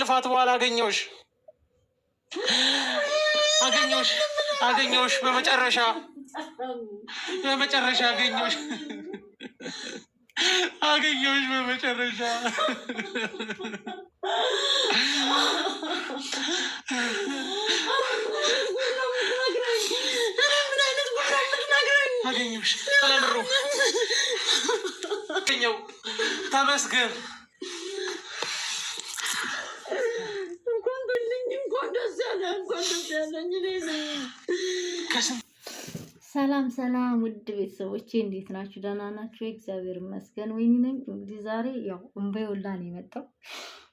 ልፋት በኋላ አገኘሁሽ አገኘሁሽ አገኘሁሽ በመጨረሻ በመጨረሻ አገኘሁሽ አገኘሁሽ በመጨረሻ አገኘሁሽ ተመስገን ሰላም ሰላም ውድ ቤተሰቦቼ እንዴት ናችሁ? ደህና ናችሁ? እግዚአብሔር ይመስገን። ነኝ እንግዲህ ዛሬ ያው እንባዬ ሁላ ነው የመጣው።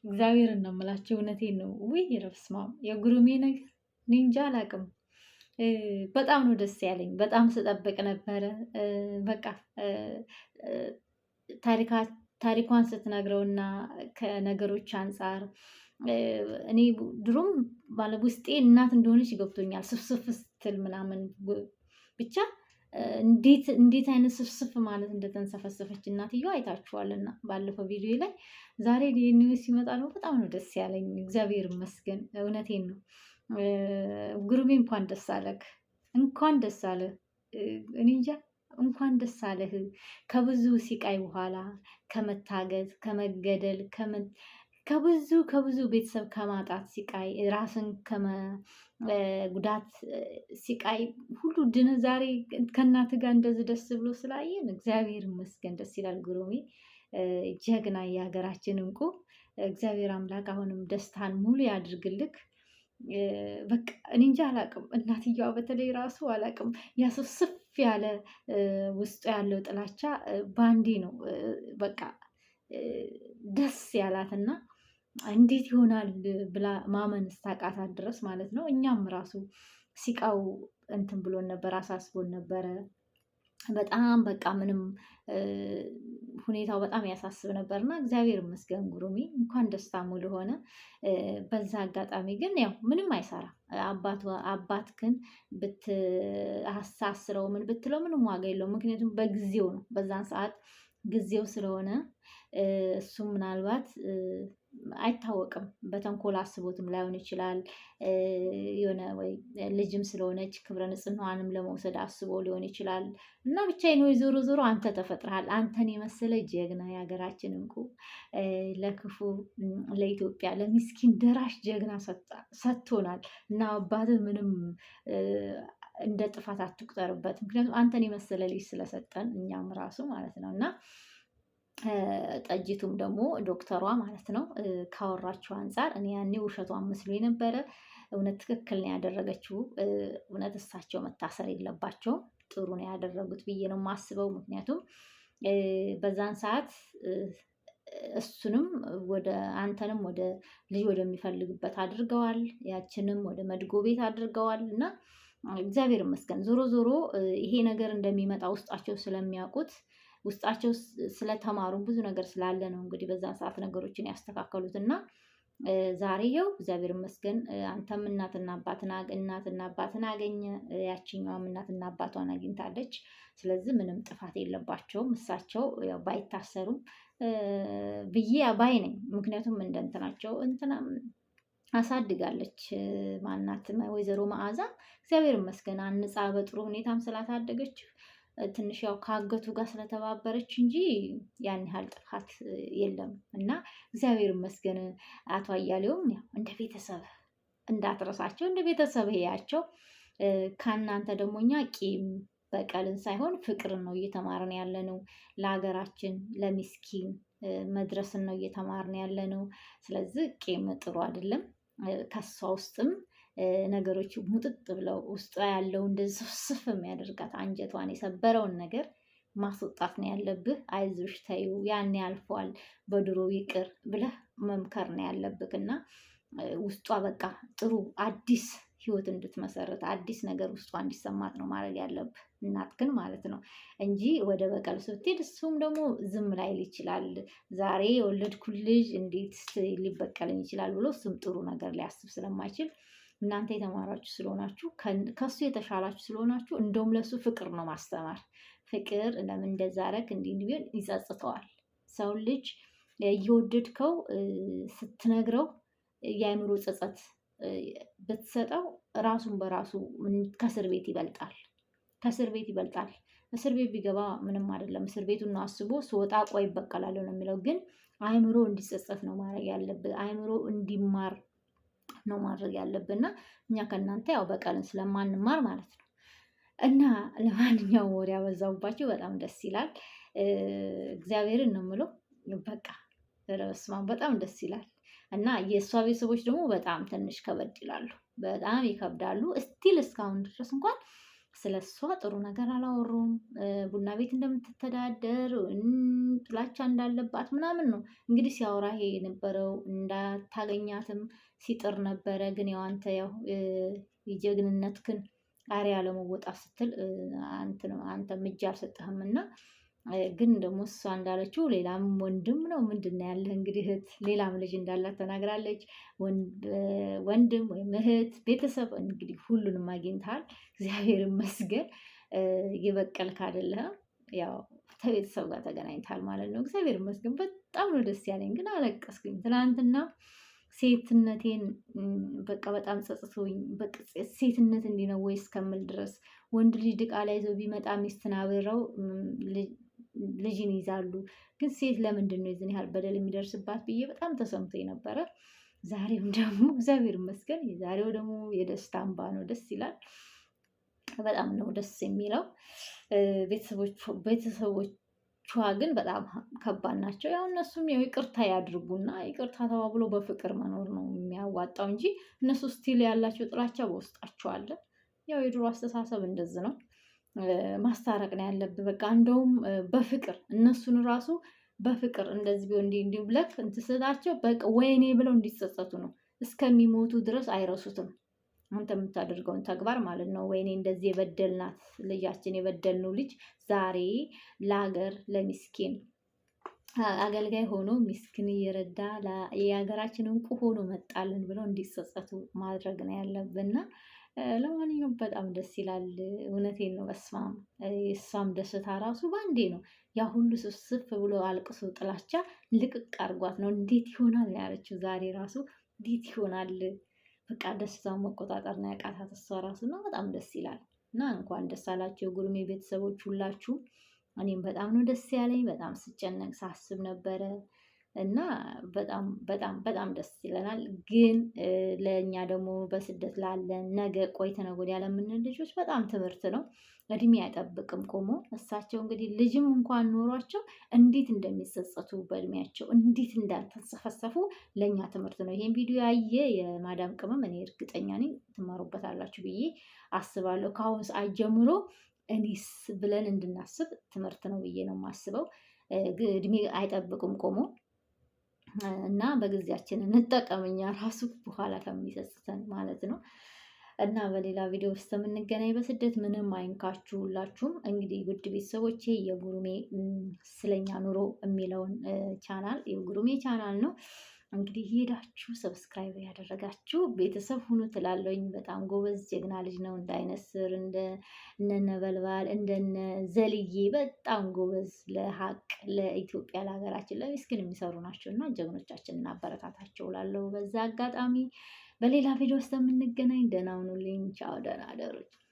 እግዚአብሔር እናምላችሁ እውነቴን ነው። ውይ ረፍስማ የጉሩሜ ነገር ኒንጃ አላቅም። በጣም ነው ደስ ያለኝ። በጣም ስጠብቅ ነበረ። በቃ ታሪኳን ስትነግረውና ከነገሮች አንጻር እኔ ድሮም ባለ ውስጤ እናት እንደሆነች ገብቶኛል። ስፍስፍ ስትል ምናምን ብቻ እንዴት እንዴት አይነት ስፍስፍ ማለት እንደተንሰፈሰፈች እናትየው አይታችኋልና ባለፈው ቪዲዮ ላይ። ዛሬ ዲኤንኤ ሲመጣ ነው በጣም ነው ደስ ያለኝ። እግዚአብሔር ይመስገን፣ እውነቴን ነው። ጉርቤ እንኳን ደስ አለህ፣ እንኳን ደስ አለህ። እኔ እንጃ እንኳን ደስ አለህ። ከብዙ ሲቃይ በኋላ ከመታገዝ፣ ከመገደል ከብዙ ከብዙ ቤተሰብ ከማጣት ሲቃይ ራስን ከጉዳት ሲቃይ ሁሉ ድነ ዛሬ ከእናት ጋር እንደዚህ ደስ ብሎ ስላየን እግዚአብሔር ይመስገን ደስ ይላል። ግሩሜ ጀግና፣ የሀገራችን እንቁ እግዚአብሔር አምላክ አሁንም ደስታን ሙሉ ያድርግልክ። በቃ እኔ አላቅም። እናትየዋ በተለይ ራሱ አላቅም ያስብስፍ ያለ ውስጡ ያለው ጥላቻ ባንዴ ነው በቃ ደስ ያላትና እንዴት ይሆናል ብላ ማመን እስታቃታት ድረስ ማለት ነው። እኛም ራሱ ሲቃው እንትን ብሎን ነበር፣ አሳስቦን ነበረ። በጣም በቃ ምንም ሁኔታው በጣም ያሳስብ ነበር እና እግዚአብሔር ይመስገን ጉሩሚ እንኳን ደስታ ሙሉ ሆነ። በዛ አጋጣሚ ግን ያው ምንም አይሰራ አባት ግን ብታሳስረው ምን ብትለው ምንም ዋጋ የለውም። ምክንያቱም በጊዜው ነው በዛን ሰዓት ጊዜው ስለሆነ እሱም ምናልባት አይታወቅም። በተንኮል አስቦትም ላይሆን ይችላል። የሆነ ወይ ልጅም ስለሆነች ክብረ ንጽህናዋንም ለመውሰድ አስቦ ሊሆን ይችላል እና ብቻ ወይ ዞሮ ዞሮ አንተ ተፈጥረሃል። አንተን የመሰለ ጀግና የሀገራችን እንቁ ለክፉ ለኢትዮጵያ ለሚስኪን ደራሽ ጀግና ሰጥቶናል እና አባትህ ምንም እንደ ጥፋት አትቁጠርበት። ምክንያቱም አንተን የመሰለ ልጅ ስለሰጠን እኛም ራሱ ማለት ነው እና ጠጅቱም ደግሞ ዶክተሯ ማለት ነው ካወራችው አንጻር እኔ ያኔ ውሸቷን መስሎ የነበረ እውነት ትክክል ነው ያደረገችው። እውነት እሳቸው መታሰር የለባቸውም ጥሩ ነው ያደረጉት ብዬ ነው የማስበው። ምክንያቱም በዛን ሰዓት እሱንም ወደ አንተንም ወደ ልጅ ወደሚፈልግበት አድርገዋል ያችንም ወደ መድጎ ቤት አድርገዋል እና እግዚአብሔር ይመስገን ዞሮ ዞሮ ይሄ ነገር እንደሚመጣ ውስጣቸው ስለሚያውቁት ውስጣቸው ስለተማሩ ብዙ ነገር ስላለ ነው እንግዲህ በዛን ሰዓት ነገሮችን ያስተካከሉት እና ዛሬ እግዚአብሔር ይመስገን አንተም እናትና አባትን እናትና አባትን አገኘ፣ ያችኛዋም እናትና አባቷን አግኝታለች። ስለዚህ ምንም ጥፋት የለባቸውም እሳቸው ባይታሰሩም ብዬ ባይ ነኝ። ምክንያቱም እንደ እንትናቸው እንትና አሳድጋለች ማናት ወይዘሮ መዓዛ እግዚአብሔር ይመስገን አንጻ በጥሩ ሁኔታም ስላሳደገችው ትንሽ ያው ከአገቱ ጋር ስለተባበረች እንጂ ያን ያህል ጥፋት የለም እና እግዚአብሔር ይመስገን። አቶ አያሌውም ያው እንደ ቤተሰብ እንዳትረሳቸው እንደ ቤተሰብ ያቸው ከእናንተ ደግሞ እኛ ቂም በቀልን ሳይሆን ፍቅርን ነው እየተማርን ያለ ነው። ለሀገራችን ለሚስኪን መድረስን ነው እየተማርን ያለ ነው። ስለዚህ ቂም ጥሩ አይደለም። ከሷ ውስጥም ነገሮች ሙጥጥ ብለው ውስጧ ያለው እንደዚህ ስፍስፍ የሚያደርጋት አንጀቷን የሰበረውን ነገር ማስወጣት ነው ያለብህ። አይዞሽ ተዩ፣ ያን ያልፈዋል፣ በድሮ ይቅር ብለህ መምከር ነው ያለብህ እና ውስጧ በቃ ጥሩ አዲስ ህይወት እንድትመሰረት አዲስ ነገር ውስጧ እንዲሰማት ነው ማድረግ ያለብህ እናት ግን ማለት ነው እንጂ ወደ በቀል ስትሄድ እሱም ደግሞ ዝም ላይል ይችላል። ዛሬ የወለድኩ ልጅ እንዴት ሊበቀልኝ ይችላል ብሎ እሱም ጥሩ ነገር ሊያስብ ስለማይችል እናንተ የተማራችሁ ስለሆናችሁ ከሱ የተሻላችሁ ስለሆናችሁ እንደውም ለሱ ፍቅር ነው ማስተማር። ፍቅር ለምን እንደዛ አደረግ እንዲህ እንዲህ ይጸጽተዋል። ሰው ልጅ እየወደድከው ስትነግረው የአእምሮ ጸጸት ብትሰጠው ራሱን በራሱ ከእስር ቤት ይበልጣል። ከእስር ቤት ይበልጣል። እስር ቤት ቢገባ ምንም አይደለም። እስር ቤቱን ነው አስቦ ስወጣ ቆይ ይበቀላለሁ ነው የሚለው። ግን አእምሮ እንዲጸጸት ነው ማድረግ ያለብህ። አእምሮ እንዲማር ነው ማድረግ ያለብንና እኛ ከእናንተ ያው በቀልን ስለማንማር ማለት ነው። እና ለማንኛውም ወሬ ያበዛውባቸው በጣም ደስ ይላል። እግዚአብሔርን ነው የምለው በቃ በስመ በጣም ደስ ይላል። እና የእሷ ቤተሰቦች ደግሞ በጣም ትንሽ ከበድ ይላሉ፣ በጣም ይከብዳሉ። እስቲል እስካሁን ድረስ እንኳን ስለ እሷ ጥሩ ነገር አላወሩም። ቡና ቤት እንደምትተዳደር ጥላቻ እንዳለባት ምናምን ነው እንግዲህ ሲያወራ ይሄ የነበረው። እንዳታገኛትም ሲጥር ነበረ። ግን ያው አንተ ያው የጀግንነትህን አርያ ለመወጣት ስትል አንተ እጅ አልሰጠህም እና ግን ደግሞ እሷ እንዳለችው ሌላም ወንድም ነው ምንድን ነው ያለህ እንግዲህ እህት ሌላም ልጅ እንዳላት ተናግራለች። ወንድም ወይም እህት ቤተሰብ እንግዲህ ሁሉንም አግኝተሃል። እግዚአብሔር ይመስገን የበቀልክ አይደለህም። ያው ከቤተሰብ ጋር ተገናኝተሃል ማለት ነው። እግዚአብሔር ይመስገን በጣም ነው ደስ ያለኝ። ግን አለቀስኩኝ ትናንትና ሴትነቴን በቃ በጣም ጸጽቶኝ ሴትነት እንዲህ ነው ወይ እስከምል ድረስ ወንድ ልጅ ድቃላ ይዘው ቢመጣ ሚስትን አብረው ልጅን ይዛሉ። ግን ሴት ለምንድን ነው የዝን ያህል በደል የሚደርስባት ብዬ በጣም ተሰምቶ ነበረ። ዛሬም ደግሞ እግዚአብሔር ይመስገን የዛሬው ደግሞ የደስታ አምባ ነው። ደስ ይላል። በጣም ነው ደስ የሚለው ቤተሰቦች ቿ ግን በጣም ከባድ ናቸው። ያው እነሱም ያው ይቅርታ ያድርጉና ይቅርታ ተባብሎ በፍቅር መኖር ነው የሚያዋጣው እንጂ እነሱ ስቲል ያላቸው ጥላቻ በውስጣቸው አለ። ያው የድሮ አስተሳሰብ እንደዚህ ነው። ማስታረቅ ነው ያለብህ በቃ እንደውም በፍቅር እነሱን ራሱ በፍቅር እንደዚህ ቢሆን እንዲህ እንዲህ ብለህ እንትን ስላቸው በቃ ወይኔ ብለው እንዲጸጸቱ ነው እስከሚሞቱ ድረስ አይረሱትም አንተ የምታደርገውን ተግባር ማለት ነው። ወይኔ እንደዚህ የበደልናት ልጃችን የበደልነው ልጅ ዛሬ ለሀገር ለሚስኪን አገልጋይ ሆኖ ሚስኪን እየረዳ የሀገራችን እንቁ ሆኖ መጣልን ብለው እንዲጸጸቱ ማድረግ ነው ያለብንና ለማንኛውም በጣም ደስ ይላል። እውነቴን ነው። በስማም እሷም ደስታ ራሱ ባንዴ ነው ያ ሁሉ ስብስብ ብሎ አልቅሶ ጥላቻ ልቅቅ አርጓት ነው እንዴት ይሆናል ነው ያለችው። ዛሬ ራሱ እንዴት ይሆናል በቃ ደስታውን መቆጣጠር ነው ያቃታት እሷ ራሱ በጣም ደስ ይላል። እና እንኳን ደስ አላችሁ የጉርሜ ቤተሰቦች ሁላችሁም። እኔም በጣም ነው ደስ ያለኝ በጣም ስጨነቅ ሳስብ ነበረ እና በጣም በጣም በጣም ደስ ይለናል። ግን ለእኛ ደግሞ በስደት ላለን ነገ ቆይ ተነገ ወዲያ ልጆች በጣም ትምህርት ነው። እድሜ አይጠብቅም ቆሞ እሳቸው እንግዲህ ልጅም እንኳን ኖሯቸው እንዴት እንደሚጸጸቱ በእድሜያቸው እንዴት እንዳልተንሰፈሰፉ ለእኛ ትምህርት ነው። ይሄን ቪዲዮ ያየ የማዳም ቅመም እኔ እርግጠኛ ነኝ ትማሩበታላችሁ ብዬ አስባለሁ። ከአሁን ሰዓት ጀምሮ እኔስ ብለን እንድናስብ ትምህርት ነው ብዬ ነው የማስበው። እድሜ አይጠብቅም ቆሞ እና በጊዜያችን እንጠቀምኛ ራሱ በኋላ ከሚሰስተን ማለት ነው። እና በሌላ ቪዲዮ ውስጥ የምንገናኝ በስደት ምንም አይንካችሁ። ሁላችሁም እንግዲህ ውድ ቤተሰቦቼ የጉሩሜ ስለኛ ኑሮ የሚለውን ቻናል የጉሩሜ ቻናል ነው። እንግዲህ ሄዳችሁ ሰብስክራይብ ያደረጋችሁ ቤተሰብ ሁኑ ትላለኝ። በጣም ጎበዝ ጀግና ልጅ ነው። እንደ አይነስር እንደ ነበልባል እንደነ ዘልዬ በጣም ጎበዝ፣ ለሀቅ ለኢትዮጵያ ለሀገራችን ለሚስኪን የሚሰሩ ናቸው እና ጀግኖቻችን እናበረታታቸው ላለው በዛ አጋጣሚ በሌላ ቪዲዮ ውስጥ የምንገናኝ ደህና ሁኑልኝ። ቻው፣ ደህና